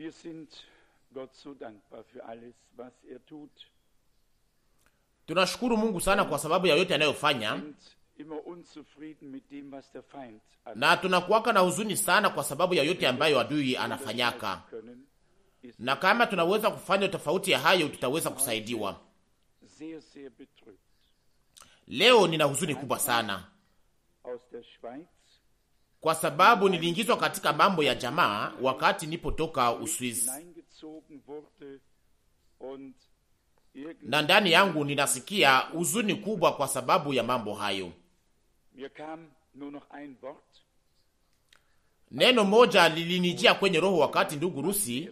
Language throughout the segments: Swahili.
Wir sind Gott so dankbar für alles, was er tut. Tunashukuru Mungu sana kwa sababu ya yote anayofanya. Na tunakuwaka na huzuni sana kwa sababu ya yote ambayo adui anafanyaka. Na kama tunaweza kufanya tofauti ya hayo, tutaweza kusaidiwa. Leo nina huzuni kubwa sana kwa sababu niliingizwa katika mambo ya jamaa wakati nipotoka uswizi na ndani yangu ninasikia huzuni kubwa kwa sababu ya mambo hayo. Neno moja lilinijia kwenye roho wakati ndugu Rusi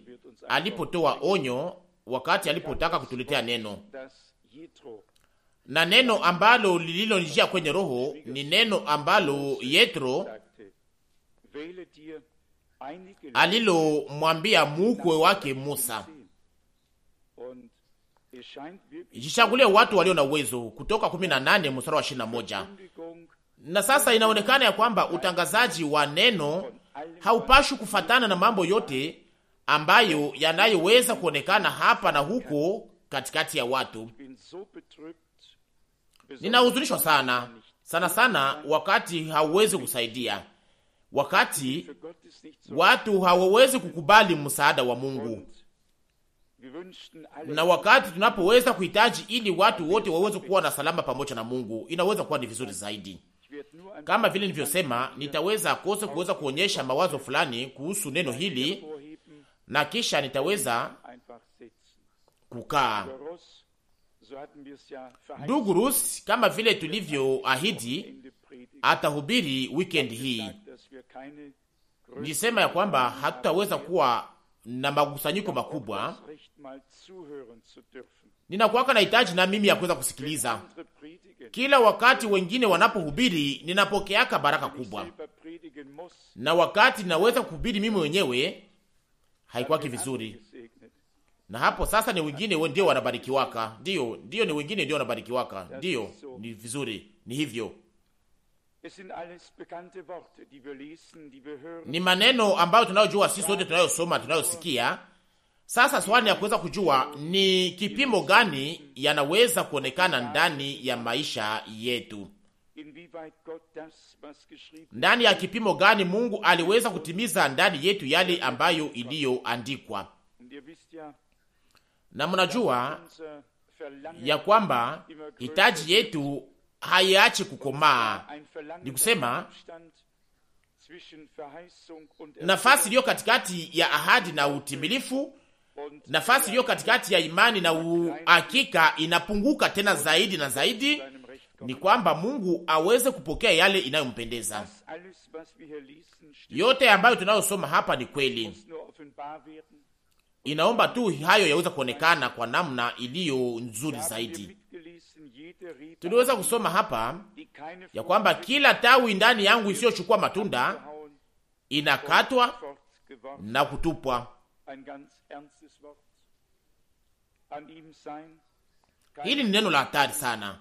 alipotoa onyo, wakati alipotaka kutuletea neno, na neno ambalo lililonijia kwenye roho ni neno ambalo Yetro alilomwambia mukwe wake Musa, jichagulie watu walio na uwezo, Kutoka 18 mstari wa 21. Na sasa inaonekana ya kwamba utangazaji wa neno haupashwi kufatana na mambo yote ambayo yanayoweza kuonekana hapa na huko katikati ya watu. Ninahuzunishwa sana sana sana, wakati hauwezi kusaidia wakati watu hawawezi kukubali msaada wa Mungu na wakati tunapoweza kuhitaji ili watu wote waweze kuwa na salama pamoja na Mungu, inaweza kuwa ni vizuri zaidi. Kama vile nilivyosema, nitaweza kose kuweza kuonyesha mawazo fulani kuhusu neno hili na kisha nitaweza kukaa. Ndugu Rus, kama vile tulivyoahidi, atahubiri wikendi hii nisema ya kwamba hatutaweza kuwa na makusanyiko makubwa. Ninakuwaka na hitaji na mimi ya kuweza kusikiliza kila wakati wengine wanapohubiri, ninapokeaka baraka kubwa, na wakati ninaweza kuhubiri mimi mwenyewe haikwaki vizuri. Na hapo sasa ni wengine ndio wanabarikiwaka, ndio ndio, ni wengine ndio wanabarikiwaka, ndio ni vizuri, ni hivyo. Ni maneno ambayo tunayojua sisi wote, tunayosoma, tunayosikia. Sasa swali ya kuweza kujua ni kipimo gani yanaweza kuonekana ndani ya maisha yetu, ndani ya kipimo gani Mungu aliweza kutimiza ndani yetu yale ambayo iliyoandikwa. Na mnajua ya kwamba hitaji yetu haiachi kukomaa, ni kusema nafasi iliyo katikati ya ahadi na utimilifu, nafasi iliyo katikati ya imani na uhakika inapunguka tena zaidi na zaidi, ni kwamba Mungu aweze kupokea yale inayompendeza. Yote ambayo tunayosoma hapa ni kweli, inaomba tu hayo yaweza kuonekana kwa namna iliyo nzuri zaidi. Tuliweza kusoma hapa ya kwamba kila tawi ndani yangu isiyochukua matunda inakatwa na kutupwa. Hili ni neno la hatari sana,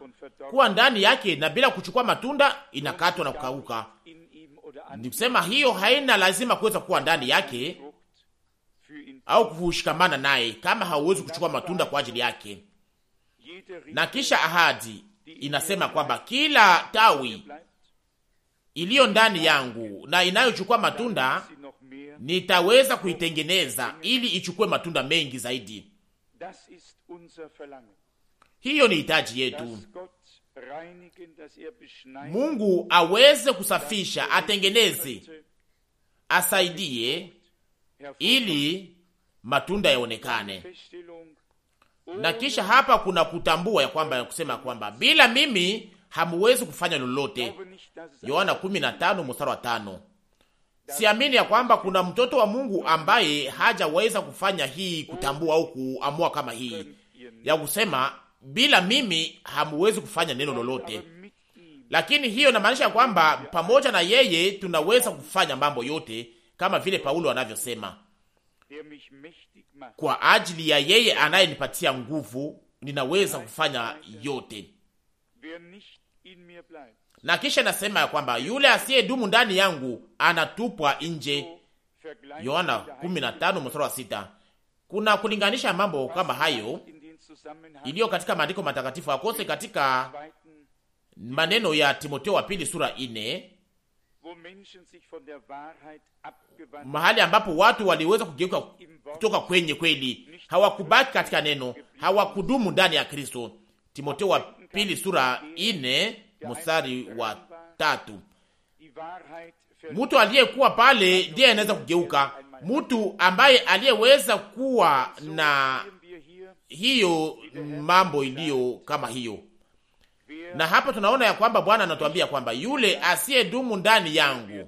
kuwa ndani yake na bila kuchukua matunda inakatwa na kukauka. Ni kusema hiyo haina lazima kuweza kuwa ndani yake au kushikamana naye, kama hauwezi kuchukua matunda kwa ajili yake. Na kisha ahadi inasema kwamba kila tawi iliyo ndani yangu na inayochukua matunda nitaweza kuitengeneza ili ichukue matunda mengi zaidi. Hiyo ni hitaji yetu, er Mungu aweze kusafisha, atengeneze, asaidie ili matunda yaonekane. Mm. na kisha hapa kuna kutambua ya kwamba ya kusema kwamba bila mimi hamuwezi kufanya lolote. Yohana 15 mstari wa 5. Siamini ya kwamba kuna mtoto wa Mungu ambaye hajaweza kufanya hii kutambua au kuamua kama hii ya kusema bila mimi hamuwezi kufanya neno lolote, lakini hiyo inamaanisha ya kwamba pamoja na yeye tunaweza kufanya mambo yote kama vile Paulo anavyosema kwa ajili ya yeye anayenipatia nguvu, ninaweza kufanya yote. Na kisha nasema ya kwamba yule asiye dumu ndani yangu anatupwa nje, Yohana 15 mstari wa sita. Kuna kulinganisha mambo kama hayo iliyo katika maandiko matakatifu akose katika maneno ya timoteo wa pili sura mahali ambapo watu waliweza kugeuka kutoka kwenye kweli, hawakubaki katika neno, hawakudumu ndani ya Kristo. Timoteo wa pili sura ine mstari wa tatu. Mtu aliyekuwa pale ndiye anaweza kugeuka, mtu ambaye aliyeweza kuwa na hiyo mambo iliyo kama hiyo na hapa tunaona ya kwamba Bwana anatuambia kwamba yule asiyedumu ndani yangu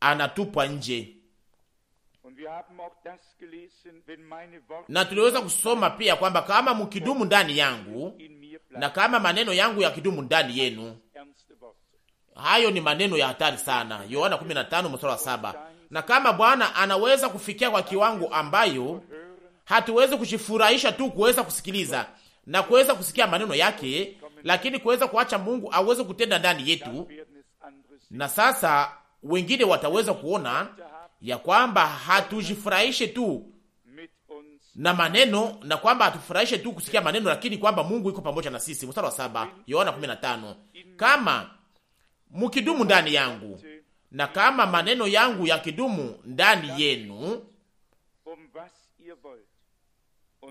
anatupwa nje, na tuliweza kusoma pia kwamba kama mkidumu ndani yangu na kama maneno yangu ya kidumu ndani yenu. Hayo ni maneno ya hatari sana, Yohana 15 mstari wa saba. Na kama Bwana anaweza kufikia kwa kiwango ambayo hatuwezi kujifurahisha tu kuweza kusikiliza, na kuweza kusikia maneno yake, lakini kuweza kuacha Mungu aweze kutenda ndani yetu. Na sasa wengine wataweza kuona ya kwamba hatujifurahishe tu na maneno na kwamba hatufurahishe tu kusikia maneno, lakini kwamba Mungu iko pamoja na sisi. Mstari wa saba, Yohana 15, kama mkidumu ndani yangu na kama maneno yangu yakidumu ndani yenu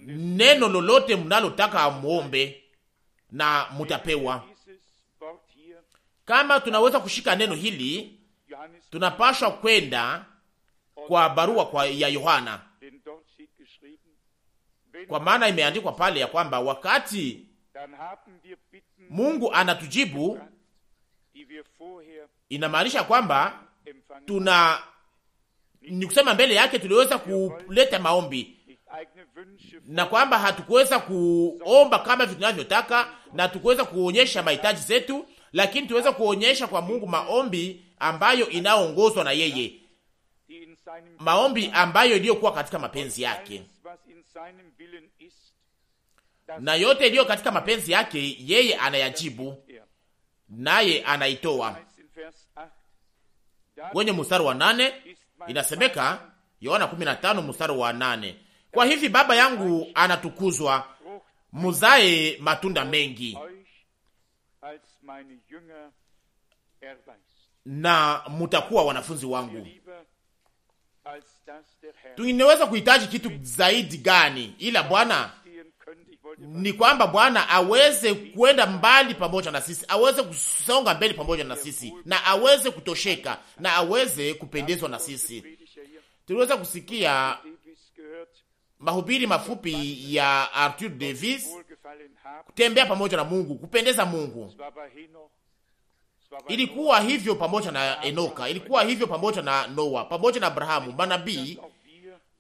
neno lolote mnalotaka muombe na mutapewa. Kama tunaweza kushika neno hili, tunapashwa kwenda kwa barua kwa ya Yohana, kwa maana imeandikwa pale ya kwamba wakati Mungu anatujibu, inamaanisha kwamba tuna ni kusema mbele yake tuliweza kuleta maombi na kwamba hatukuweza kuomba kama vitu navyotaka na tukuweza kuonyesha mahitaji zetu, lakini tuweza kuonyesha kwa Mungu maombi ambayo inaongozwa na yeye, maombi ambayo iliyokuwa katika mapenzi yake na yote iliyo katika mapenzi yake yeye anayajibu naye anaitoa. Kwenye mstari wa nane inasemeka, Yohana 15 mstari wa nane kwa hivi Baba yangu anatukuzwa, muzae matunda mengi na mutakuwa wanafunzi wangu. Tunaweza kuhitaji kitu zaidi gani? Ila Bwana ni kwamba Bwana aweze kwenda mbali pamoja na sisi, aweze kusonga mbele pamoja na sisi, na aweze kutosheka na aweze kupendezwa na sisi. Tuliweza kusikia mahubiri mafupi ya Arthur Davis, kutembea pamoja na Mungu, kupendeza Mungu. Ilikuwa hivyo pamoja na Enoka, ilikuwa hivyo pamoja na Noa, pamoja na Abrahamu, manabii,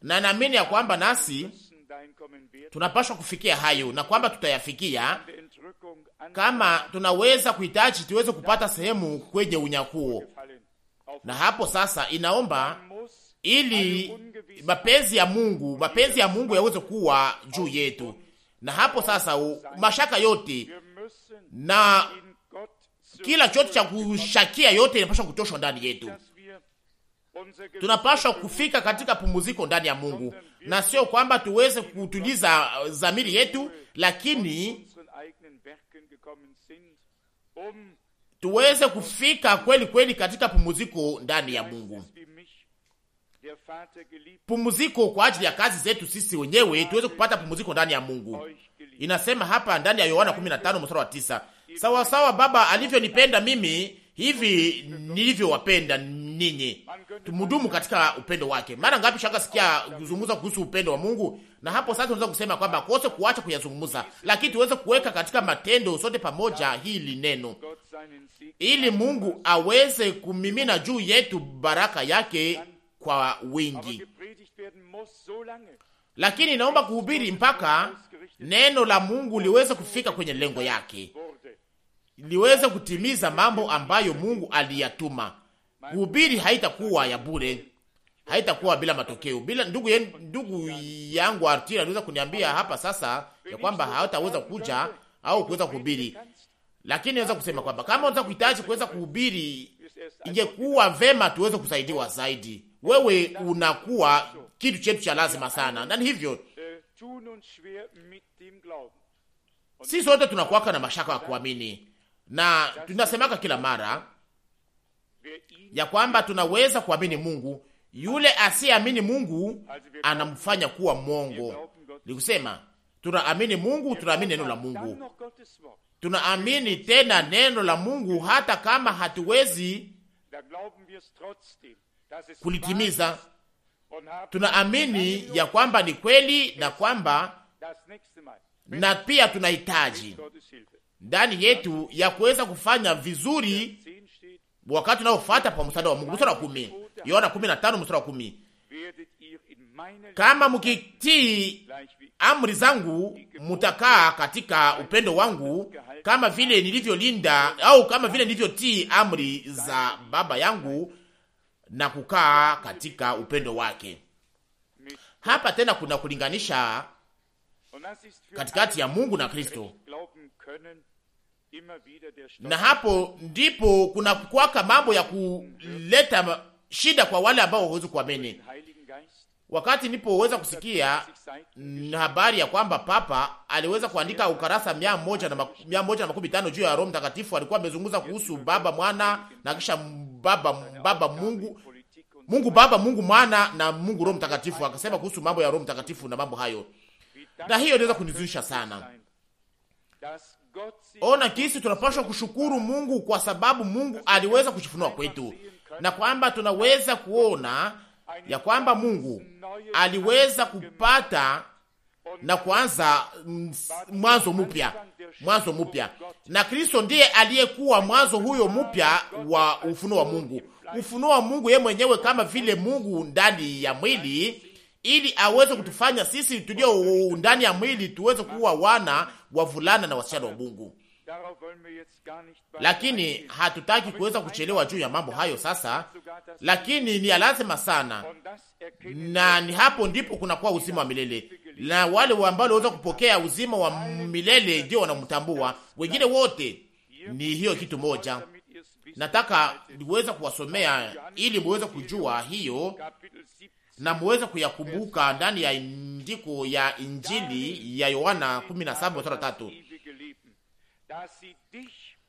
na naamini ya kwamba nasi tunapaswa kufikia hayo na kwamba tutayafikia kama tunaweza kuhitaji tuweze kupata sehemu kwenye unyakuo. Na hapo sasa inaomba ili mapenzi ya Mungu, mapenzi ya Mungu yaweze kuwa juu yetu. Na hapo sasa u, mashaka yote na kila chote cha kushakia yote inapaswa kutoshwa ndani yetu. Tunapaswa kufika katika pumziko ndani ya Mungu, na sio kwamba tuweze kutuliza uh, zamiri yetu, lakini tuweze kufika kweli kweli katika pumziko ndani ya Mungu pumuziko kwa ajili ya kazi zetu sisi wenyewe, tuweze kupata pumuziko ndani ya Mungu. Inasema hapa ndani ya Yohana 15 mstari wa 9, sawa sawa Baba alivyonipenda mimi, hivi nilivyowapenda ninyi, tumudumu katika upendo wake. Mara ngapi shaka sikia kuzungumza kuhusu upendo wa Mungu, na hapo sasa tunaweza kusema kwamba kose kuacha kuyazungumza, lakini tuweze kuweka katika matendo sote pamoja hili neno, ili Mungu aweze kumimina juu yetu baraka yake kwa wingi, lakini naomba kuhubiri mpaka neno la Mungu liweze kufika kwenye lengo yake, liweze kutimiza mambo ambayo Mungu aliyatuma. Kuhubiri haitakuwa ya bure, haitakuwa bila matokeo. Bila ndugu yen, ndugu yangu Artira aliweza kuniambia hapa sasa ya kwamba hawataweza kuja au kuweza kuhubiri, lakini naweza kusema kwamba kama unaweza kuhitaji kuweza kuhubiri, ingekuwa vema tuweze kusaidiwa zaidi wewe unakuwa kitu chetu cha lazima sana, na ni hivyo si sote tunakuwaka na mashaka ya kuamini, na tunasemaka kila mara ya kwamba tunaweza kuamini Mungu. Yule asiyeamini Mungu anamfanya kuwa mwongo. Nikusema tunaamini Mungu, tunaamini neno la Mungu, tunaamini tena neno la Mungu hata kama hatuwezi kulitimiza. Tunaamini ya kwamba ni kweli na kwamba na pia tunahitaji ndani yetu ya kuweza kufanya vizuri wakati unaofuata kwa mstari wa Mungu, mstari wa kumi, Yohana 15 mstari wa kumi, kama mukitii amri zangu mutakaa katika upendo wangu kama vile nilivyolinda au kama vile nilivyotii amri za Baba yangu na kukaa katika upendo wake. Hapa tena kuna kulinganisha katikati ya Mungu na Kristo, na hapo ndipo kuna kwaka mambo ya kuleta shida kwa wale ambao hawezi kuamini. Wakati nilipoweza kusikia na habari ya kwamba Papa aliweza kuandika ukarasa mia moja na mia moja na makumi tano juu ya Roho Mtakatifu, alikuwa amezungumza kuhusu Baba, Mwana na kisha Baba, Baba Mungu, Mungu Baba, Mungu Mwana na Mungu Roho Mtakatifu, akasema kuhusu mambo ya Roho Mtakatifu na mambo hayo, na hiyo inaweza kunizuisha sana. Ona kisi tunapaswa kushukuru Mungu kwa sababu Mungu aliweza kujifunua kwetu na kwamba tunaweza kuona ya kwamba Mungu aliweza kupata na kuanza mwanzo mpya, mwanzo mpya, na Kristo ndiye aliyekuwa mwanzo huyo mpya wa ufunuo wa Mungu, ufunuo wa Mungu yeye mwenyewe kama vile Mungu ndani ya mwili, ili aweze kutufanya sisi tulio ndani ya mwili tuweze kuwa wana wavulana na wasichana wa Mungu lakini hatutaki kuweza kuchelewa juu ya mambo hayo sasa, lakini ni lazima sana, na ni hapo ndipo kunakuwa uzima wa milele, na wale ambao waliweza kupokea uzima wa milele ndio wanamtambua. Wengine wote ni hiyo kitu moja. Nataka niweza kuwasomea ili muweze kujua hiyo na muweze kuyakumbuka ndani ya ndiko ya Injili ya Yohana 17:3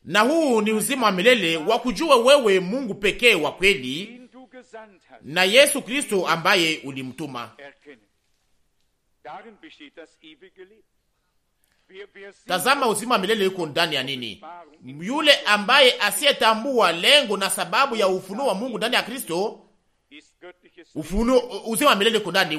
na huu ni uzima wa milele wa kujua wewe Mungu pekee wa kweli na Yesu Kristo ambaye ulimtuma. Tazama, uzima wa milele uko ndani ya nini? Yule ambaye asiyetambua lengo na sababu ya ufunuo wa Mungu ndani ya Kristo, ufunuo uzima wa milele uko ndani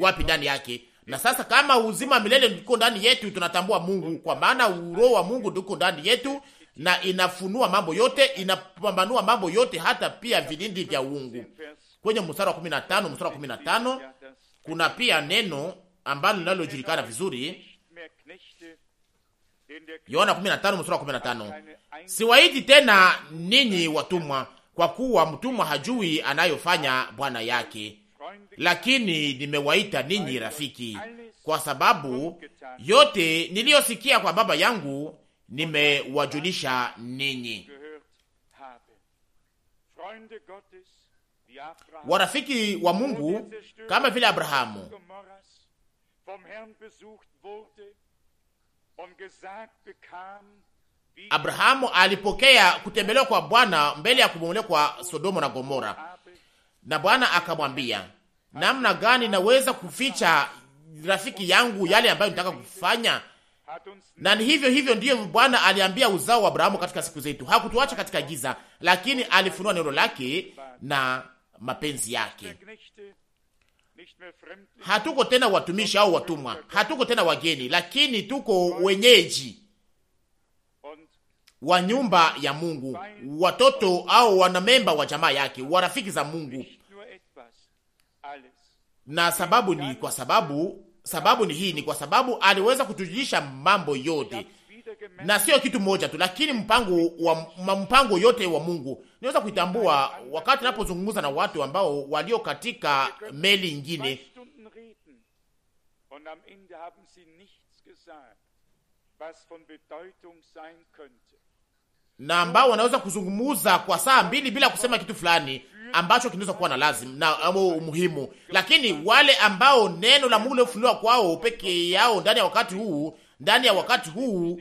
wapi? Ndani yake na sasa kama uzima milele ndiko ndani yetu, tunatambua Mungu, kwa maana uroho wa Mungu ndiko ndani yetu, na inafunua mambo yote, inapambanua mambo yote, hata pia vilindi vya uungu. Kwenye mstari wa 15, mstari wa 15 kuna pia neno ambalo linalojulikana vizuri Yohana 15 mstari wa 15, siwaiti tena ninyi watumwa, kwa kuwa mtumwa hajui anayofanya bwana yake, lakini nimewaita ninyi rafiki, kwa sababu yote niliyosikia kwa Baba yangu nimewajulisha ninyi. Warafiki wa Mungu kama vile Abrahamu Abrahamu alipokea kutembelewa kwa Bwana mbele ya kubomolewa kwa Sodoma na Gomora, na Bwana akamwambia namna gani naweza kuficha rafiki yangu yale ambayo nitaka kufanya? Na ni hivyo hivyo ndiyo Bwana aliambia uzao wa Abrahamu katika siku zetu, hakutuacha katika giza, lakini alifunua neno lake na mapenzi yake. Hatuko tena watumishi au watumwa, hatuko tena wageni, lakini tuko wenyeji wa nyumba ya Mungu, watoto au wanamemba wa jamaa yake, warafiki za Mungu, na sababu ni kwa sababu, sababu ni hii, ni kwa sababu aliweza kutujulisha mambo yote na sio kitu moja tu, lakini mpango wa mpango yote wa Mungu. Niweza kuitambua wakati napozungumza na watu ambao walio katika meli ingine na ambao wanaweza kuzungumuza kwa saa mbili bila kusema kitu fulani ambacho kinaweza kuwa na lazima na amo umuhimu, lakini wale ambao neno la Mungu lilofunuliwa kwao peke yao ndani ya wakati huu, ndani ya wakati huu,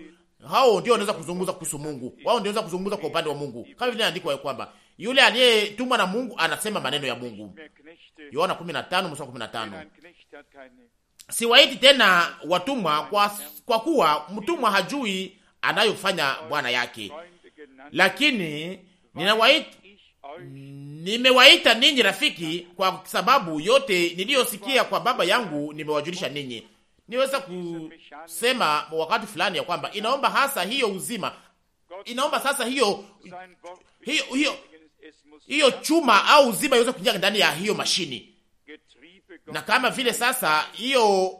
hao ndio wanaweza kuzungumza kuhusu Mungu, wao ndio wanaweza kuzungumza kwa upande wa Mungu, kama vile inaandikwa kwamba yule aliyetumwa na Mungu anasema maneno ya Mungu, Yohana 15 mstari 15. Siwaiti tena watumwa kwa, kwa kuwa mtumwa hajui anayofanya bwana yake lakini ninawaita nimewaita ninyi rafiki, kwa sababu yote niliyosikia kwa Baba yangu nimewajulisha ninyi. Niweza kusema wakati fulani ya kwamba inaomba hasa hiyo uzima, inaomba sasa hiyo hiyo hiyo, hiyo chuma au uzima iweze kuingia ndani ya hiyo mashini, na kama vile sasa hiyo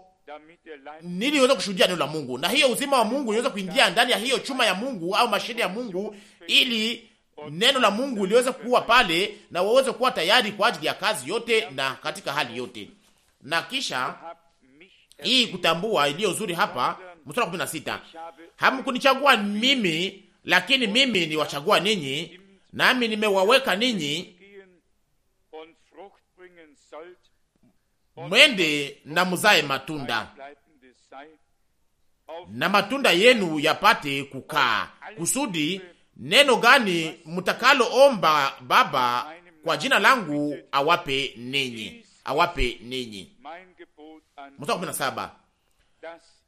niliweza kushuhudia neno la Mungu, na hiyo uzima wa Mungu uliweza kuingia ndani ya hiyo chuma ya Mungu au mashine ya Mungu, ili neno la Mungu liweze kuwa pale na waweze kuwa tayari kwa ajili ya kazi yote na katika hali yote. Na kisha hii kutambua iliyo zuri hapa, mstari wa 16, hamkunichagua mimi, lakini mimi niwachagua ninyi, nami nimewaweka ninyi mwende na muzae matunda, na matunda yenu yapate kukaa, kusudi neno gani mtakaloomba Baba kwa jina langu awape ninyi, awape ninyi. Mstari wa saba,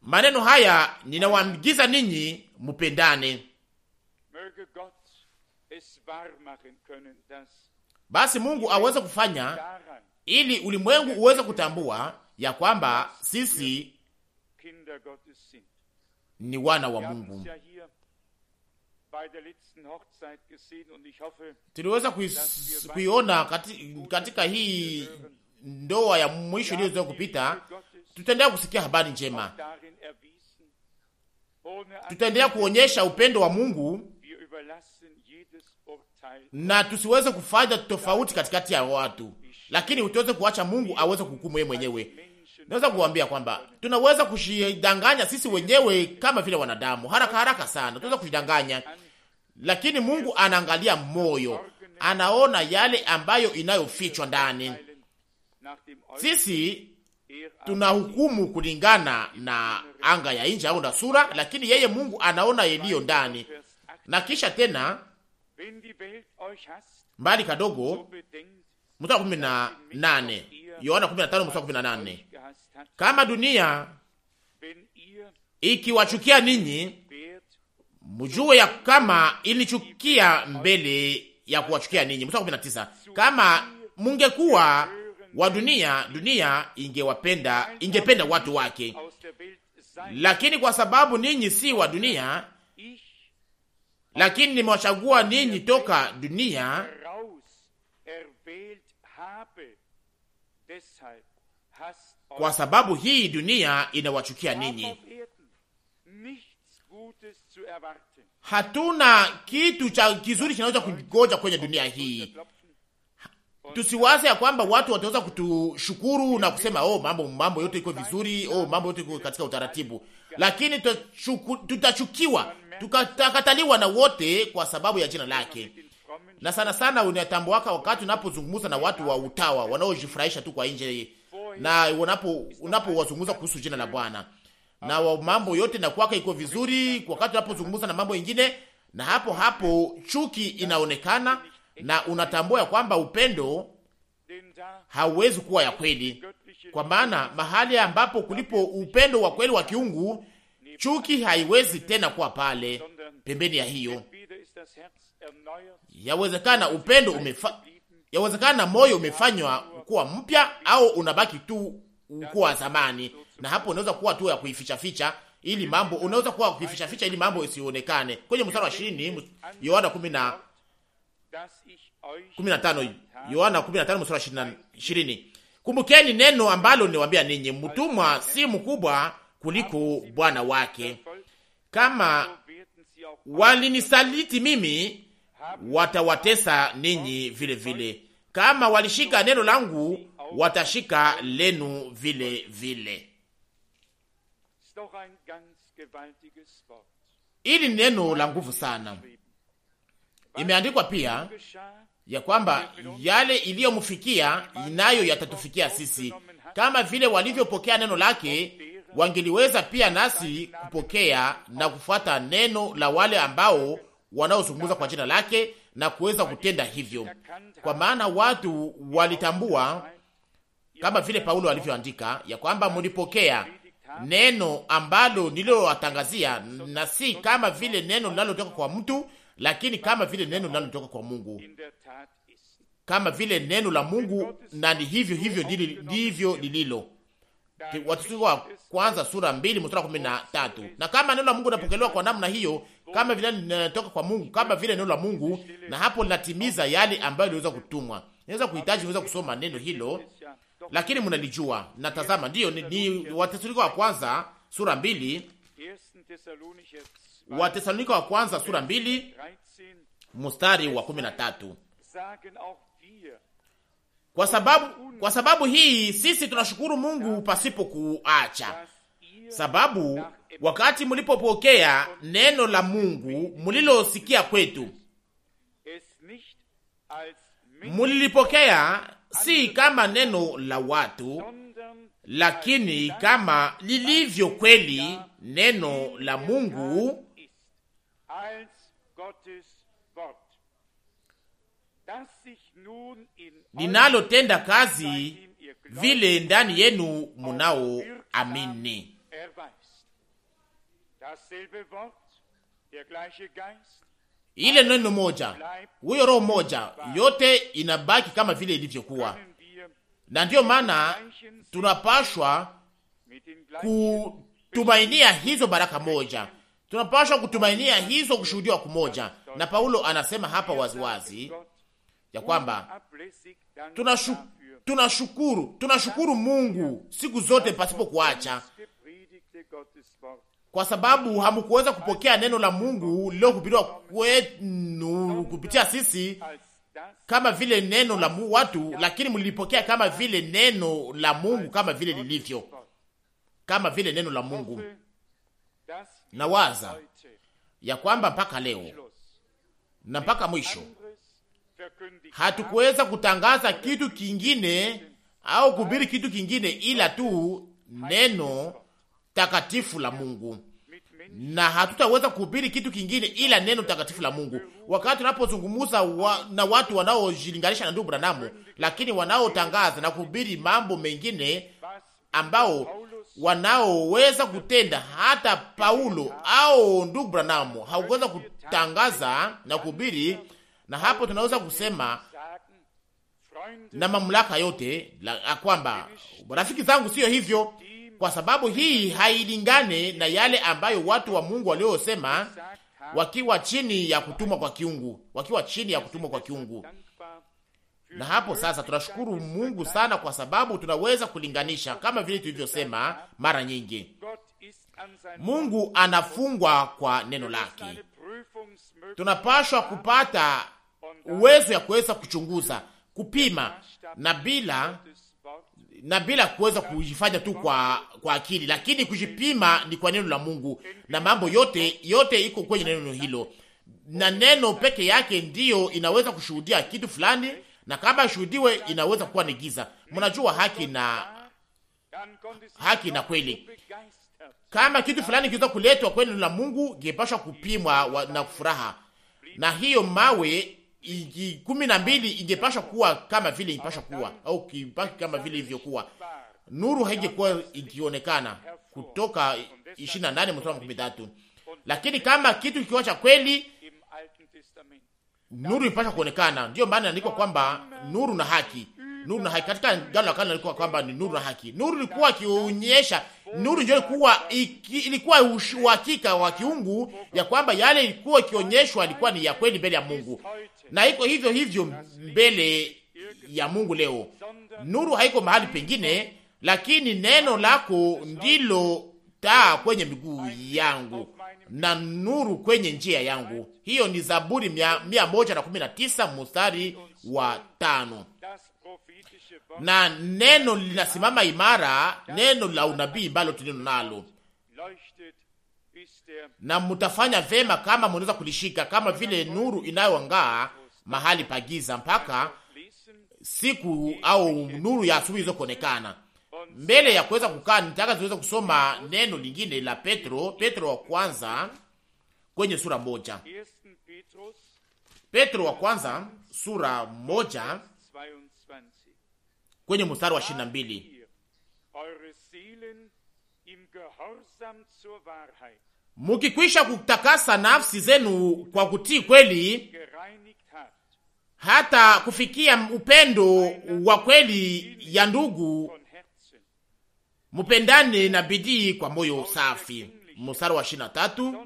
maneno haya ninawaagiza ninyi mupendane. Basi Mungu aweze kufanya ili ulimwengu uweze kutambua ya kwamba sisi ni wana wa Mungu. Tuliweza kuiona katika hii ndoa ya mwisho iliyozoea kupita. Tutaendelea kusikia habari njema, tutaendelea kuonyesha upendo wa Mungu na tusiweze kufanya tofauti katikati ya watu, lakini tuweze kuacha Mungu aweze kuhukumu yeye mwenyewe. Naweza kuambia kwamba tunaweza kushidanganya sisi wenyewe kama vile wanadamu, haraka haraka sana tunaweza kushidanganya, lakini Mungu anaangalia moyo, anaona yale ambayo inayofichwa ndani. Sisi tunahukumu kulingana na anga ya nje au na sura, lakini yeye Mungu anaona yaliyo ndani. Na kisha tena mbali kadogo, mstari kumi na nane Yohana 15 mstari na nane kama dunia ikiwachukia ninyi, mjue ya kama ilichukia mbele ya kuwachukia ninyi. Mstari na tisa kama mungekuwa wa dunia, dunia ingewapenda ingependa watu wake, lakini kwa sababu ninyi si wa dunia lakini nimewachagua ninyi toka dunia kwa sababu hii dunia inawachukia ninyi. Hatuna kitu cha kizuri kinaweza kungoja kwenye dunia hii. Tusiwaze ya kwamba watu wataweza kutushukuru na kusema oh, mambo mambo yote iko vizuri, oh, mambo yote iko katika utaratibu, lakini tutachukiwa tukakataliwa na wote kwa sababu ya jina lake. Na sana sana unatambuaka wakati unapozungumza na watu wa utawa wanaojifurahisha tu kwa nje, na unapo unapowazungumza kuhusu jina la Bwana na mambo yote na kwake iko vizuri, wakati unapozungumza na mambo mengine, na hapo hapo chuki inaonekana, na unatambua ya kwamba upendo hauwezi kuwa ya kweli, kwa maana mahali ambapo kulipo upendo wa kweli wa kiungu Chuki haiwezi tena kuwa pale pembeni ya hiyo. Yawezekana upendo umefa, yawezekana moyo umefanywa kuwa mpya, au unabaki tu kuwa zamani, na hapo unaweza kuwa tu ya kuificha ficha ili mambo, unaweza kuwa kuificha ficha ili mambo isionekane. Kwenye mstari wa 20 Yohana 10 15 Yohana 15 mstari wa 20, kumbukeni neno ambalo niwaambia ninyi, mtumwa si mkubwa kuliko bwana wake. Kama walinisaliti mimi, watawatesa ninyi vile vile. Kama walishika neno langu, watashika lenu vile vile. Ili ni neno la nguvu sana. Imeandikwa pia ya kwamba yale iliyomfikia inayo yatatufikia sisi, kama vile walivyopokea neno lake wangeliweza pia nasi kupokea na kufuata neno la wale ambao wanaozungumza kwa jina lake na kuweza kutenda hivyo, kwa maana watu walitambua kama vile Paulo alivyoandika ya kwamba mulipokea neno ambalo nililowatangazia, na si kama vile neno linalotoka kwa mtu, lakini kama vile neno linalotoka kwa Mungu, kama vile neno la Mungu, na ni hivyo hivyo ndivyo lililo Wathesalonike wa kwanza sura mbili mstari wa kumi na tatu. Na kama neno la Mungu linapokelewa kwa namna hiyo, kama vile linatoka kwa Mungu, kama vile neno la Mungu, na hapo linatimiza yale ambayo iliweza kutumwa. Niweza kuhitaji niweza kusoma neno hilo, lakini mnalijua. Natazama ndiyo ni, ni Wathesalonike wa kwanza sura mbili, Wathesalonike wa kwanza sura mbili mstari wa kumi na tatu. Kwa sababu, kwa sababu hii sisi tunashukuru Mungu pasipo kuacha, sababu wakati mlipopokea neno la Mungu mulilosikia kwetu, mulilipokea si kama neno la watu, lakini kama lilivyo kweli neno la Mungu ninalotenda kazi vile ndani yenu munao amini. Ile neno moja, huyo roho moja, yote inabaki kama vile ilivyokuwa, na ndiyo maana tunapashwa kutumainia hizo baraka moja, tunapashwa kutumainia hizo kushuhudiwa kumoja. Na Paulo anasema hapa waziwazi wazi, ya kwamba tunashu, tunashukuru tunashukuru Mungu siku zote pasipo kuacha, kwa sababu hamukuweza kupokea neno la Mungu lililohubiriwa kwenu kupitia sisi kama vile neno la mu watu, lakini mlilipokea kama vile neno la Mungu, kama vile lilivyo, kama vile neno la Mungu. Nawaza ya kwamba mpaka leo na mpaka mwisho hatukuweza kutangaza kitu kingine au kuhubiri kitu kingine ila tu neno takatifu la Mungu, na hatutaweza kuhubiri kitu kingine ila neno takatifu la Mungu. Wakati tunapozungumza wa, na watu wanaojilinganisha na ndugu Branamu, lakini wanaotangaza na kuhubiri mambo mengine ambao wanaoweza kutenda hata Paulo au ndugu Branamu hakuweza kutangaza na kuhubiri na hapo tunaweza kusema na mamlaka yote la kwamba rafiki zangu, siyo hivyo, kwa sababu hii hailingane na yale ambayo watu wa Mungu waliosema wakiwa chini ya kutumwa kwa kiungu, wakiwa chini ya kutumwa kwa kiungu. Na hapo sasa tunashukuru Mungu sana, kwa sababu tunaweza kulinganisha kama vile tulivyosema mara nyingi. Mungu anafungwa kwa neno lake, tunapashwa kupata uwezo ya kuweza kuchunguza, kupima na bila na bila kuweza kujifanya tu kwa, kwa akili, lakini kujipima ni kwa neno la Mungu, na mambo yote yote iko kwenye neno hilo, na neno peke yake ndiyo inaweza kushuhudia kitu fulani, na kama shuhudiwe inaweza kuwa ni giza. Mnajua haki na haki na kweli. Kama kitu fulani kiweza kuletwa kwenye neno la Mungu, kipashwa kupimwa na furaha, na hiyo mawe ingi kumi na mbili ingepasha kuwa kama vile ingepasha kuwa au kibaki kama vile ilivyokuwa. Nuru haingekuwa ikionekana, Kutoka ishirini na nane mstari makumi tatu. Lakini kama kitu kikiwa cha kweli, nuru ipasha kuonekana. Ndiyo maana andikwa kwamba nuru na haki, nuru na haki katika gano la Kale, andikwa kwamba ni nuru na haki. Nuru ilikuwa ikionyesha nuru ndio ilikuwa iki, ilikuwa uhakika wa kiungu ya kwamba yale ilikuwa ikionyeshwa ilikuwa ni ya kweli mbele ya Mungu, na iko hivyo hivyo mbele ya Mungu leo. Nuru haiko mahali pengine, lakini neno lako ndilo taa kwenye miguu yangu na nuru kwenye njia yangu. Hiyo ni Zaburi mia moja na kumi na tisa mstari wa tano na neno linasimama imara, neno la unabii mbalo tulilo nalo, na mutafanya vema kama munaweza kulishika, kama vile nuru inayoangaa mahali pa giza, mpaka siku au nuru ya asubuhi kuonekana. Mbele ya kuweza kukaa, nitaka tuweze kusoma neno lingine la Petro, Petro wa kwanza kwenye sura moja, Petro wa kwanza sura moja kwenye mstari wa 22, mukikwisha kutakasa nafsi zenu kwa kutii kweli hata kufikia upendo wa kweli ya ndugu, mupendane na bidii kwa moyo safi. Mstari wa 23,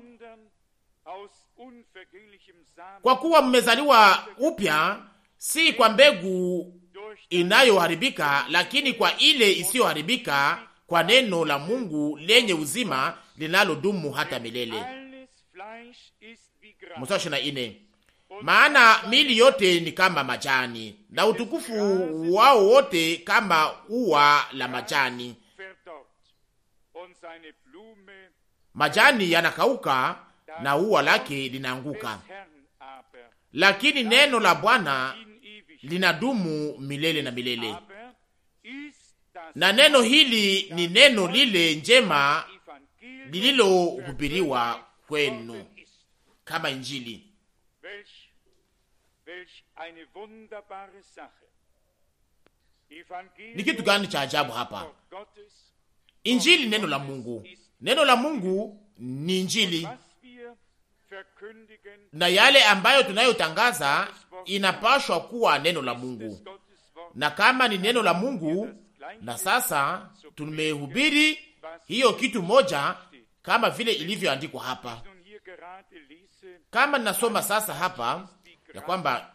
kwa kuwa mmezaliwa upya si kwa mbegu inayoharibika, lakini kwa ile isiyoharibika, kwa neno la Mungu lenye uzima linalodumu hata milele. Mstari na maana mili yote ni kama majani na utukufu wao wote kama ua la majani. Majani yanakauka na ua lake linaanguka, lakini neno la Bwana linadumu milele na milele. Ah, na neno hili ni neno lile njema lililohubiriwa kwenu kama Injili. Ni kitu gani cha ajabu hapa? Injili, neno la Mungu, neno la Mungu ni Injili na yale ambayo tunayotangaza inapashwa kuwa neno la Mungu, na kama ni neno la Mungu, na sasa tumehubiri hiyo kitu moja kama vile ilivyoandikwa hapa. Kama ninasoma sasa hapa ya kwamba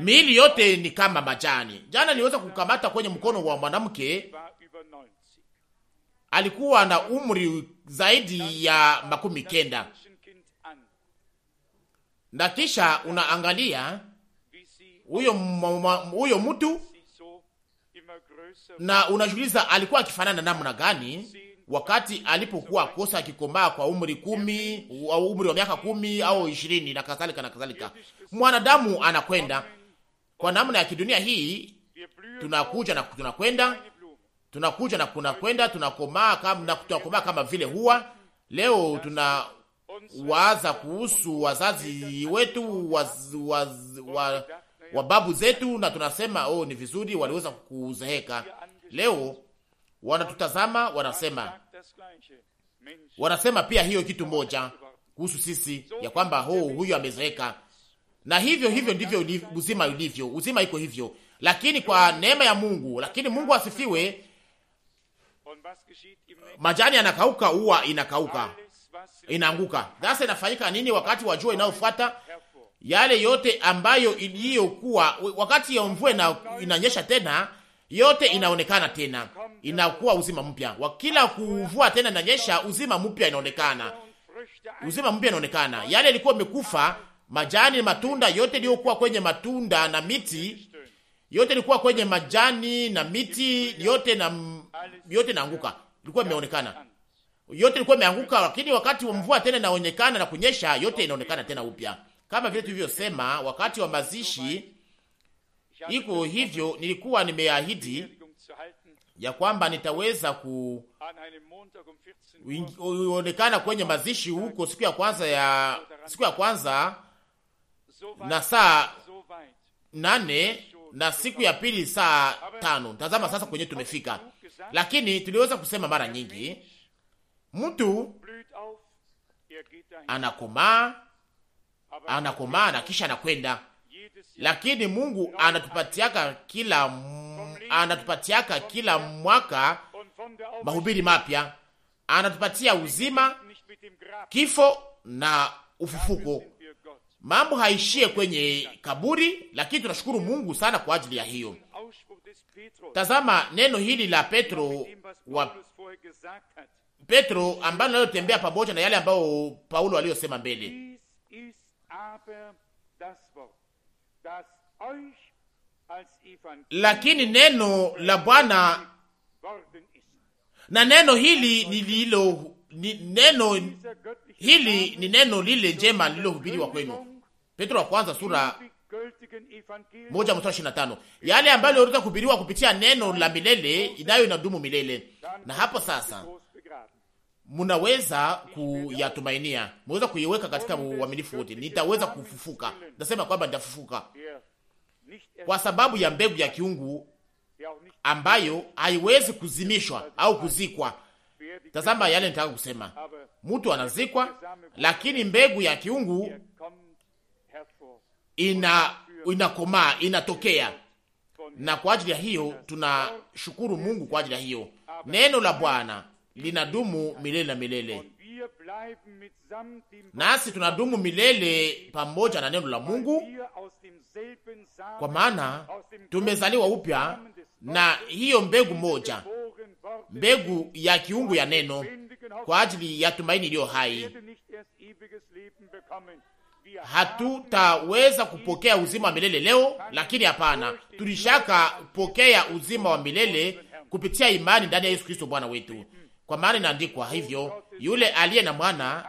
miili yote ni kama majani. Jana niweza kukamata kwenye mkono wa mwanamke alikuwa na umri zaidi ya makumi kenda na kisha unaangalia huyo huyo mtu na unajiuliza alikuwa akifanana namna gani wakati alipokuwa kosa akikomaa kwa umri kumi au umri wa miaka kumi au ishirini na kadhalika na kadhalika. Mwanadamu anakwenda kwa namna ya kidunia hii, tunakuja na tunakwenda tunakuja na kunakwenda, tunakomaa kama, tunakomaa kama vile huwa. Leo tunawaza kuhusu wazazi wetu waz, waz, wa, wa babu zetu, na tunasema oh, ni vizuri waliweza kuzeeka. Leo wanatutazama wanasema, wanasema pia hiyo kitu moja kuhusu sisi ya kwamba oh, huyu amezeeka. Na hivyo hivyo ndivyo uzima ulivyo, uzima iko hivyo, lakini kwa neema ya Mungu. Lakini Mungu asifiwe, majani yanakauka, uwa inakauka, inaanguka. Sasa inafanyika nini wakati wa jua inayofuata? Yale yote ambayo iliyokuwa wakati ya mvua ina, inanyesha tena, yote inaonekana tena, inakuwa uzima mpya. Wakila kuvua tena inanyesha, uzima mpya inaonekana, uzima mpya inaonekana. Yale ilikuwa imekufa, majani matunda yote iliyokuwa kwenye matunda na miti yote ilikuwa kwenye majani na miti yote na yote inaanguka, ilikuwa imeonekana yote ilikuwa imeanguka, lakini wakati wa mvua tena inaonekana na kunyesha, yote inaonekana tena upya, kama vile tulivyosema wakati wa mazishi. Iko hivyo, nilikuwa nimeahidi ya kwamba nitaweza kuonekana kwenye mazishi huko siku ya kwanza ya siku ya kwanza na saa nane na siku ya pili saa tano. Tazama sasa kwenye tumefika. Lakini tuliweza kusema mara nyingi, mtu anakomaa anakomaa na kisha anakwenda, lakini Mungu anatupatiaka kila anatupatiaka kila mwaka mahubiri mapya, anatupatia uzima, kifo na ufufuko. Mambo haishie kwenye kaburi, lakini tunashukuru Mungu sana kwa ajili ya hiyo. Tazama neno hili la Petro wa Petro ambalo linalotembea pamoja na yale ambayo Paulo aliyosema mbele. Lakini neno la Bwana na neno hili ni lilo ni neno hili ni neno lile njema lililohubiriwa kwenu. Petro wa kwanza sura moja mstari ishirini na tano yale ambayo iliweza kuhubiriwa kupitia neno la milele inayo inadumu milele. Na hapo sasa munaweza kuyatumainia, mnaweza kuiweka katika uaminifu wote. Nitaweza kufufuka, nasema kwamba nitafufuka kwa sababu ya mbegu ya kiungu ambayo haiwezi kuzimishwa au kuzikwa. Tazama yale nitaka kusema, mtu anazikwa, lakini mbegu ya kiungu ina inakomaa inatokea, na kwa ajili ya hiyo tunashukuru Mungu kwa ajili ya hiyo. Neno la Bwana linadumu milele na milele, nasi tunadumu milele pamoja na neno la Mungu, kwa maana tumezaliwa upya na hiyo mbegu moja, mbegu ya kiungu ya neno kwa ajili ya tumaini iliyo hai hatutaweza kupokea uzima wa milele leo, lakini hapana, tulishaka pokea uzima wa milele kupitia imani ndani ya Yesu Kristo Bwana wetu, kwa maana inaandikwa hivyo, yule aliye na mwana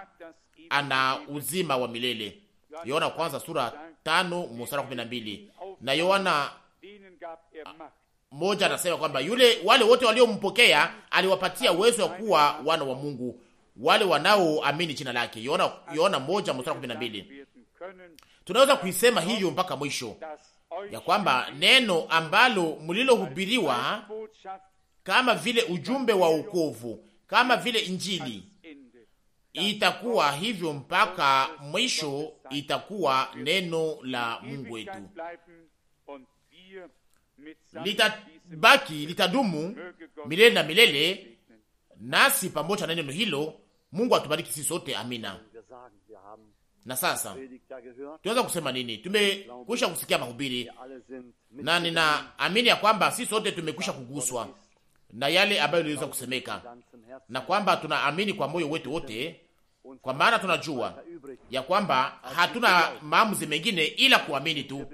ana uzima wa milele. Yohana kwanza sura tano mstari kumi na mbili na Yohana ah, moja anasema kwamba yule wale wote waliompokea aliwapatia uwezo wa kuwa wana wa Mungu, wale wanaoamini jina lake. Yohana moja mstari kumi na mbili. Tunaweza kuisema hiyo mpaka mwisho ya kwamba neno ambalo mlilohubiriwa kama vile ujumbe wa wokovu, kama vile Injili, itakuwa hivyo mpaka mwisho, itakuwa neno la Mungu wetu, litabaki litadumu milele na milele, nasi pamoja na neno hilo. Mungu atubariki sisi sote, amina. Na sasa tunaweza kusema nini? Tumekwisha kusikia mahubiri na ninaamini ya kwamba si sote tumekwisha kuguswa na yale ambayo iliweza kusemeka, na kwamba tunaamini kwa moyo wetu wote, kwa maana tunajua ya kwamba hatuna maamuzi mengine ila kuamini tu.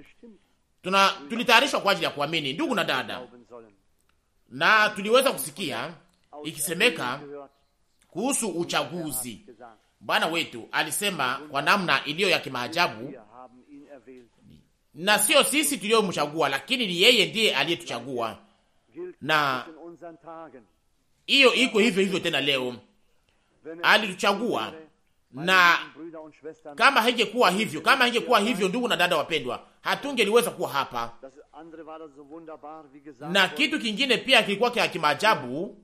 Tuna tulitayarishwa kwa ajili ya kuamini, ndugu na dada, na tuliweza kusikia ikisemeka kuhusu uchaguzi Bwana wetu alisema kwa namna iliyo ya kimaajabu, na sio sisi tuliyomchagua, lakini ni yeye ndiye aliyetuchagua, na hiyo iko hivyo hivyo tena leo. Er Alituchagua, na kama haingekuwa hivyo, kama haingekuwa hivyo, ndugu na dada wapendwa, hatungeliweza kuwa hapa. Na kitu kingine pia kilikuwa kya kimaajabu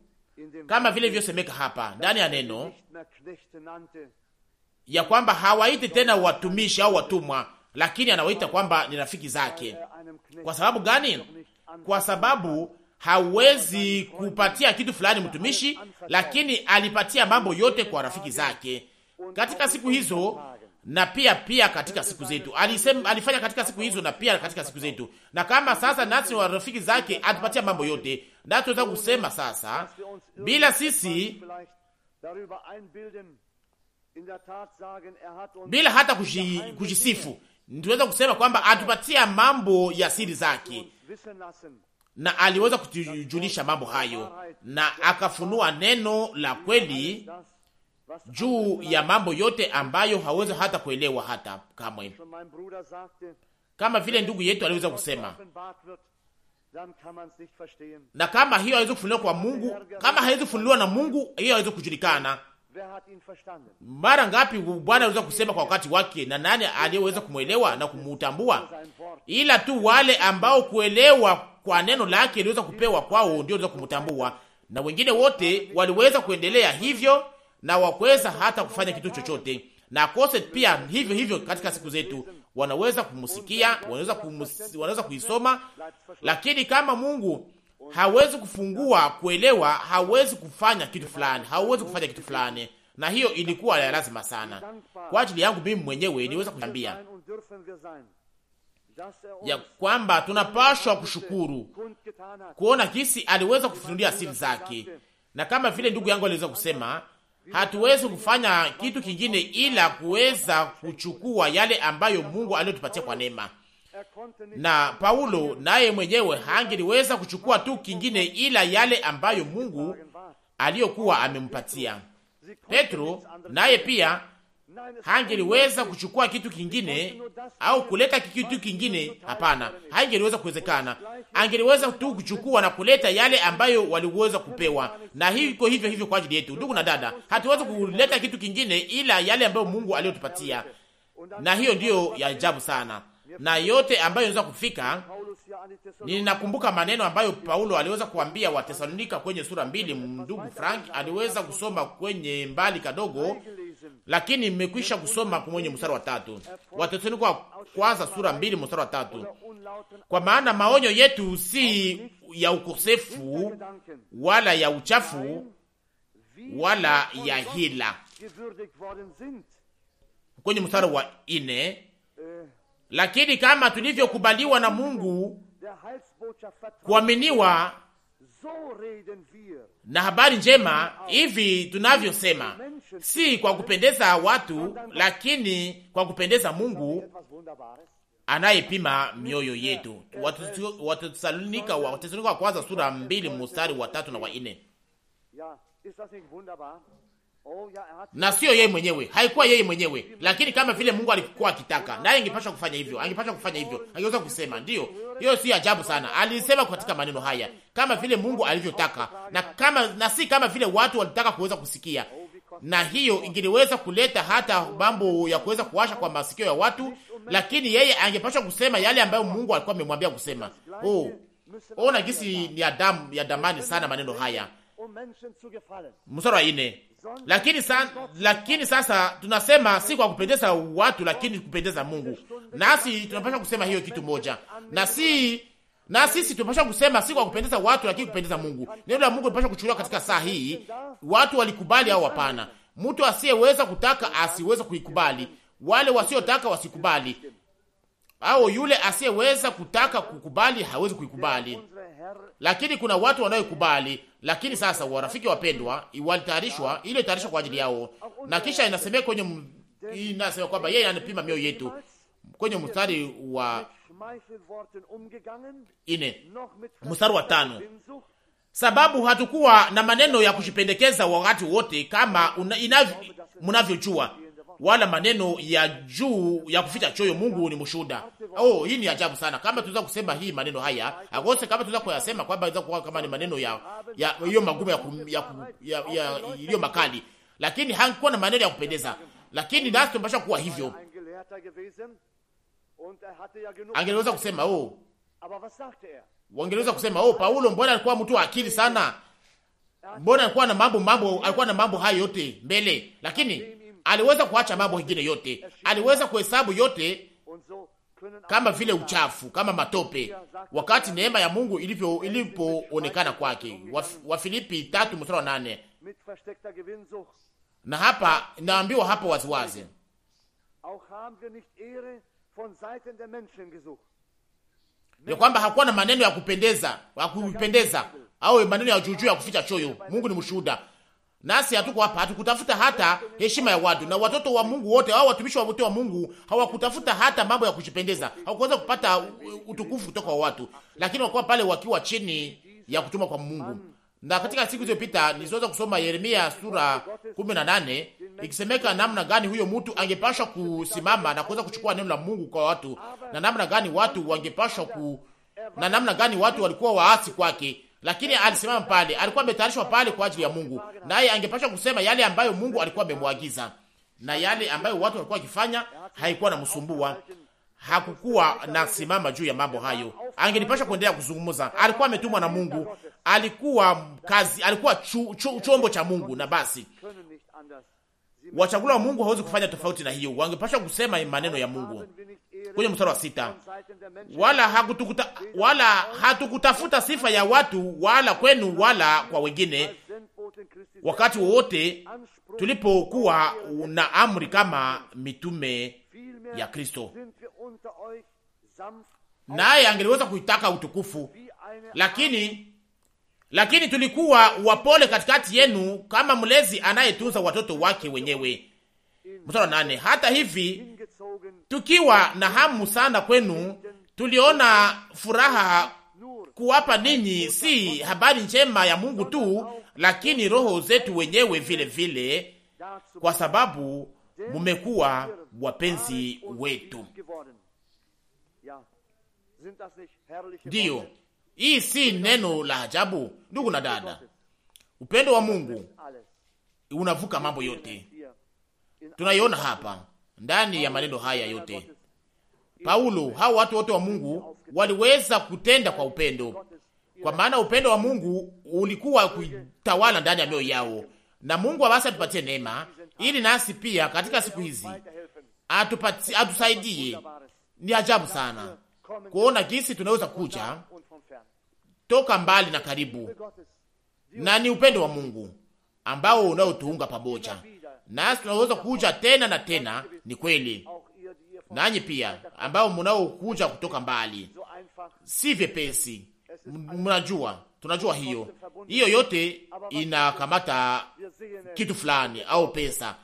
kama vile vyosemeka hapa ndani ya neno ya kwamba hawaiti tena watumishi au watumwa, lakini anawaita kwamba ni rafiki zake. Kwa sababu gani? Kwa sababu hawezi kupatia kitu fulani mtumishi, lakini alipatia mambo yote kwa rafiki zake katika siku hizo na pia pia katika siku zetu alisem, alifanya katika siku hizo na pia katika siku zetu. Na kama sasa nasi wa rafiki zake atupatia mambo yote, na tunaweza kusema sasa, bila sisi, er bila hata kujisifu, tunaweza kusema kwamba atupatia er mambo ya siri zake na aliweza er kutujulisha mambo hayo na akafunua neno la kweli juu ya mambo yote ambayo hawezi hata kuelewa hata kamwe, kama vile ndugu yetu aliweza kusema na kama hiyo haiwezi kufunuliwa kwa Mungu, kama haiwezi kufunuliwa na Mungu, hiyo haiwezi kujulikana. Mara ngapi Bwana aliweza kusema kwa wakati wake, na nani aliyeweza kumwelewa na kumutambua? Ila tu wale ambao kuelewa kwa neno lake iliweza kupewa kwao, ndio aliweza kumutambua na wengine wote waliweza kuendelea hivyo na wakuweza hata kufanya kitu chochote na kose pia hivyo hivyo katika siku zetu, wanaweza kumsikia, wanaweza kumus, wanaweza kuisoma, lakini kama Mungu hawezi kufungua kuelewa, hawezi kufanya kitu fulani, hawezi kufanya kitu fulani. Na hiyo ilikuwa ya lazima sana kwa ajili yangu mimi mwenyewe, niweza kuambia ya kwamba tunapashwa kushukuru kuona kisi aliweza kufunulia siri zake, na kama vile ndugu yangu aliweza kusema hatuwezi kufanya kitu kingine ila kuweza kuchukua yale ambayo Mungu aliyotupatia kwa neema. Na Paulo naye mwenyewe hangeliweza kuchukua tu kingine ila yale ambayo Mungu aliyokuwa amempatia. Petro naye pia hangeliweza kuchukua kitu kingine au kuleta kitu kingine. Hapana, hangeliweza kuwezekana. Angeliweza tu kuchukua na kuleta yale ambayo waliweza kupewa, na hiko hivyo hivyo kwa ajili yetu. Ndugu na dada, hatuwezi kuleta kitu kingine ila yale ambayo Mungu aliyotupatia, na hiyo ndiyo ya ajabu sana na yote ambayo inaweza kufika. Ninakumbuka maneno ambayo Paulo aliweza kuambia Watesalonika kwenye sura mbili. Ndugu Frank aliweza kusoma kwenye mbali kadogo lakini mmekwisha kusoma kumwenye mstari wa tatu, Wathesalonike wa kwanza sura mbili mstari wa tatu. Kwa maana maonyo yetu si ya ukosefu wala ya uchafu wala ya hila, kwenye mstari wa ine, lakini kama tulivyokubaliwa na Mungu kuaminiwa na habari njema hivi tunavyosema, si kwa kupendeza watu, lakini kwa kupendeza Mungu anayepima mioyo yetu. Watesalonika wa kwanza sura mbili mustari wa tatu na wa nne na sio yeye mwenyewe, haikuwa yeye mwenyewe, lakini kama vile Mungu alikuwa akitaka, naye ingepaswa kufanya hivyo, angepaswa kufanya hivyo, angeweza kusema ndio. Hiyo si ajabu sana, alisema katika maneno haya kama vile Mungu alivyotaka, na kama na si kama vile watu walitaka kuweza kusikia, na hiyo ingeliweza kuleta hata mambo ya kuweza kuwasha kwa masikio ya watu, lakini yeye angepaswa kusema yale ambayo Mungu alikuwa amemwambia kusema. Oh, ona gisi ni adamu ya damani sana maneno haya, msara wa ine lakini, sa, lakini sasa tunasema si kwa kupendeza watu, lakini kupendeza Mungu. Nasi tunapasha kusema hiyo kitu moja, na si na sisi tunapasha kusema si kwa kupendeza watu, lakini kupendeza Mungu. Neno la Mungu linapasha kuchukuliwa katika saa hii, watu walikubali au hapana. Mtu asiyeweza kutaka asiweze kuikubali, wale wasiotaka wasikubali, au yule asiyeweza kutaka kukubali hawezi kuikubali, lakini kuna watu wanaoikubali lakini sasa warafiki wapendwa, walitayarishwa, ile itayarishwa kwa ajili yao, na kisha inasemeka kwenye, inasema kwamba yeye anapima mioyo yetu kwenye mstari wa ine mstari wa tano sababu hatukuwa na maneno ya kushipendekeza wakati wote kama mnavyojua wala maneno ya juu ya kuficha choyo. Mungu ni mshuhuda. Oh, hii ni ajabu sana. Kama tunaweza kusema hii maneno haya akose, kama tunaweza kuyasema kwamba inaweza kuwa kama ni maneno ya hiyo magumu ya ya, ya, ya iliyo makali, lakini hakuwa na maneno ya kupendeza, lakini nasi tumepasha kuwa hivyo. Angeweza kusema oh, wangeweza kusema oh, Paulo mbona alikuwa mtu wa akili sana, mbona alikuwa na mambo mambo, alikuwa na mambo hayo yote mbele, lakini aliweza kuacha mambo mengine yote, aliweza kuhesabu yote kama vile uchafu, kama matope, wakati neema ya Mungu ilipo ilipoonekana kwake. Wafilipi wa tatu mstari wa nane. Na hapa naambiwa hapa waziwazi ya kwamba hakuwa na maneno ya kupendeza ya kupendeza au maneno ya juujuu ya kuficha choyo. Mungu ni mshuhuda, Nasi hatuko hapa, hatukutafuta hata heshima ya watu, na watoto wa Mungu wote au watumishi wote wa Mungu hawakutafuta hata mambo ya kujipendeza, hawakuweza kupata utukufu kutoka kwa watu, lakini walikuwa pale wakiwa chini ya kutuma kwa Mungu. Na katika siku zilizopita niliweza kusoma Yeremia sura 18 ikisemeka namna gani huyo mtu angepashwa kusimama na kuweza kuchukua neno la Mungu kwa watu, na namna gani watu wangepashwa ku, na namna gani watu walikuwa waasi kwake lakini alisimama pale, alikuwa ametayarishwa pale kwa ajili ya Mungu, naye angepashwa kusema yale ambayo Mungu alikuwa amemwagiza, na yale ambayo watu walikuwa wakifanya haikuwa namsumbua, hakukuwa na simama juu ya mambo hayo. angenipasha kuendelea kuzungumza, alikuwa ametumwa na Mungu, alikuwa kazi, alikuwa chombo chu, chu, cha Mungu, na basi wachagula wa Mungu hawezi kufanya tofauti na hiyo, wangepasha kusema maneno ya Mungu kwenye mstari wa sita wala hakutukuta, wala hatukutafuta sifa ya watu wala kwenu wala kwa wengine, wakati wowote tulipokuwa na amri kama mitume ya Kristo, naye angeliweza kuitaka utukufu, lakini lakini tulikuwa wapole katikati yenu kama mlezi anayetunza watoto wake wenyewe. Mstari wa nane. Hata hivi tukiwa na hamu sana kwenu. Tuliona furaha kuwapa ninyi si habari njema ya Mungu tu, lakini roho zetu wenyewe vile vile, kwa sababu mumekuwa wapenzi wetu. Ndiyo, hii si neno la ajabu, ndugu na dada. Upendo wa Mungu unavuka mambo yote, tunaiona hapa ndani ya maneno haya yote, Paulo, hao watu wote wa Mungu waliweza kutenda kwa upendo, kwa maana upendo wa Mungu ulikuwa kutawala ndani ya mioyo yao. Na Mungu abasi atupatie neema, ili nasi pia katika siku hizi atupatie, atusaidie. Ni ajabu sana kuona jinsi tunaweza kuja toka mbali na karibu, na ni upendo wa Mungu ambao unaotuunga pamoja nasi tunaweza kuja tena na tena. Ni kweli, nanyi pia ambao mnaokuja kutoka mbali, si vyepesi. Mnajua, tunajua hiyo hiyo, yote inakamata kitu fulani au pesa,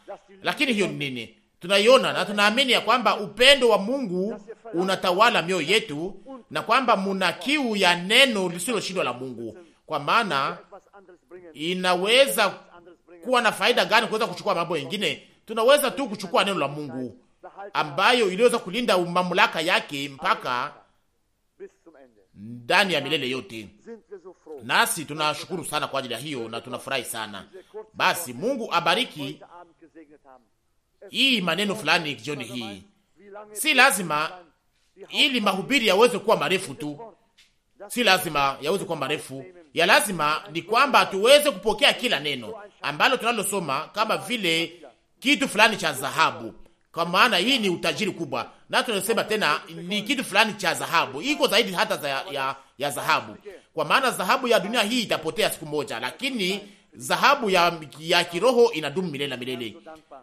lakini hiyo ni nini? Tunaiona na tunaamini ya kwamba upendo wa Mungu unatawala mioyo yetu na kwamba muna kiu ya neno lisiloshindwa la Mungu, kwa maana inaweza kuwa na faida gani kuweza kuchukua mambo mengine? Tunaweza tu kuchukua neno la Mungu ambayo iliweza kulinda mamlaka yake mpaka ndani ya milele yote. Nasi tunashukuru sana kwa ajili ya hiyo na tunafurahi sana. Basi Mungu abariki hii maneno fulani jioni hii. Si lazima ili mahubiri yaweze kuwa marefu tu, si lazima yaweze kuwa marefu, ya lazima ni kwamba tuweze kupokea kila neno ambalo tunalosoma kama vile kitu fulani cha dhahabu, kwa maana hii ni utajiri kubwa. Na tunasema tena ni kitu fulani cha dhahabu, iko zaidi hata za ya ya dhahabu, kwa maana dhahabu ya dunia hii itapotea siku moja, lakini dhahabu ya, ya kiroho inadumu milele na milele,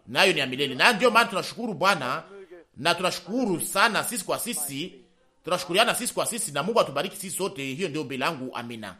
nayo ni ya milele. Na ndio maana tunashukuru Bwana na tunashukuru sana sisi kwa sisi, tunashukuriana sisi kwa sisi, na Mungu atubariki sisi sote. Hiyo ndio ombi langu, amina.